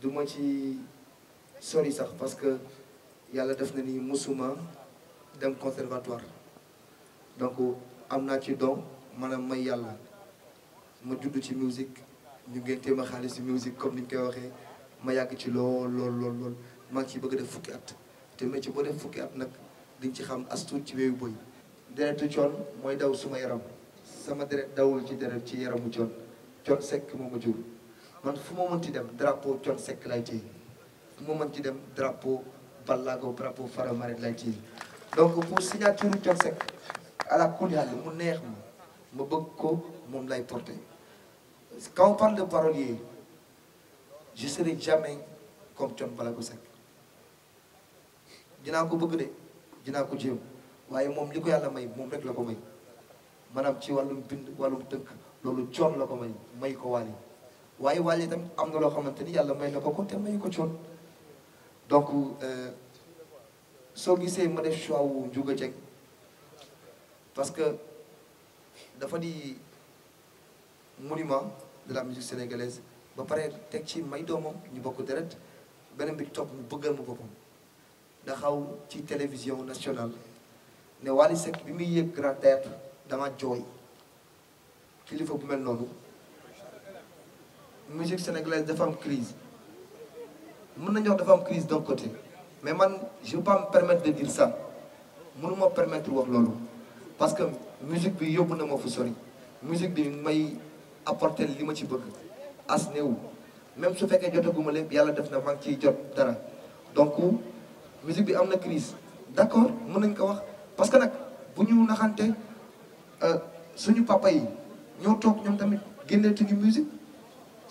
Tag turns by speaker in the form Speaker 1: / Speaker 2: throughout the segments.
Speaker 1: du ma ci sori sax parce que yàlla def na ni musuma dem conservatoire donc am naa ci don maanaam may yàlla ma judd ci musique ñu ngeen ma xaalis ci musique comme ni ñu koy waxee ma yàgg ci lool lool lool maa ngi ciy bëgg def fukki at te métier boo def fukki at nag diñ ci xam as ci wéyu boy deretu coon mooy daw suma yaram sama deret dawul ci deret ci yaramu coon coon sekk moo ma jur man fu ma mënti dem drapeau Thione sekk lay téye fu ma mënti dem drapeau Ballago drapeau Faramare lay téye donc pour signature Thione Seck à la mu neex ma ma bëgg ko moom lay porter quand de parolier je serai jamais comme Thione Ballago Seck dinaa ko bëgg de dinaa ko jéem waaye moom li ko yàlla may moom rek la ko may maanaam ci wàllum bind wàllum tënk loolu Thione la ko may may ko wàlli waaye wàll itam am na loo xamante ni yàlla may na ko ko te mayu ko coon donc euh, soo gisee ma def choix wu parce que dafa di monument de la musique sénégalaise ba pare teg ci may doomam ñu bokk deret beneen bi topp mu bëggal ma boppam daxaw ci télévision nationale ne Wally Seck bi muy yëg Grand Théâtre dama jooy kilifa bu mel noonu musique sénégalaise dafa am crise mën nañu wax dafa am crise d'un côté mais man je peux pas me permettre de dire ça mënuma permettre wax loolu parce que musique bi yóbbu na ma fu sori musique bi may apporter li ma ci bëgg as néew même su fekkee jotaguma lépp yàlla def na maa ngi ciy jot dara donc musique bi am na crise d'accord mën nañ ko wax parce que nag bu ñu naxante euh, suñu papa yi ñoo toog ñoom tamit génneetuñu musique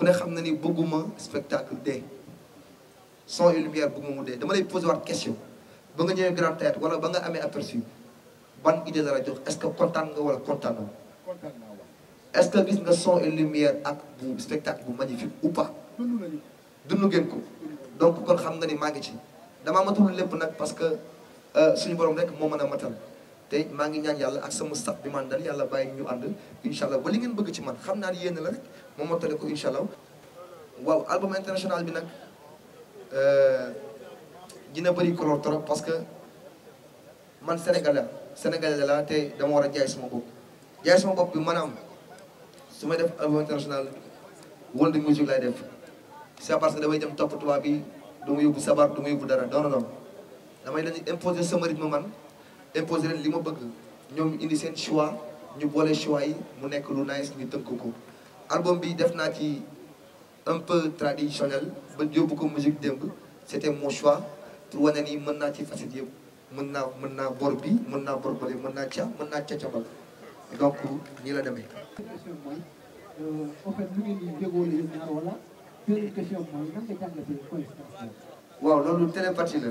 Speaker 1: ku ne xam na ni bëgguma spectacle dee son et lumière bëgguma mu dee dama lay posé waat question ba nga ñëwee grand théâtre wala ba nga amee aperçu ban idée la jox est-ce que kontaan nga wala kontaanoo est-ce que gis nga son et lumière ak bu spectacle bu magnifique ou pas dund ngeen ko donc kon xam nga ni maa ngi ci damaa matul lépp nag parce que euh, suñu borom rek moo mën a matal te maa ngi ñaan yàlla ak sama sat bi man dal yàlla bàyyi ñu ànd incha allah ba li ngeen bëgg ci man xam naa ne yéen la rek moom mottale ko incha allah waaw album international bi nag euh, dina bëri parce que man sénégalais sénégalais la te dama war a jaay def album international world music lay def c'est parce que damay dem topp tubaab bi du yóbbu sabar du yóbbu dara non non non damay leen imposer sama rythme man imposer li ma bëgg ñoom indi seen choix ñu boole choix mu nekk lu nice ñu tënk ko. album bi def naa ci un peu ba yóbbu ko musique démb c'était mon choix pour wane ni mën naa ci facette yëpp mën naa mën naa bor bi mën naa bor bële mën naa ca mën naa ca cabal donc nii la demee. question mooy euh, en fait lu loolu télépathie la.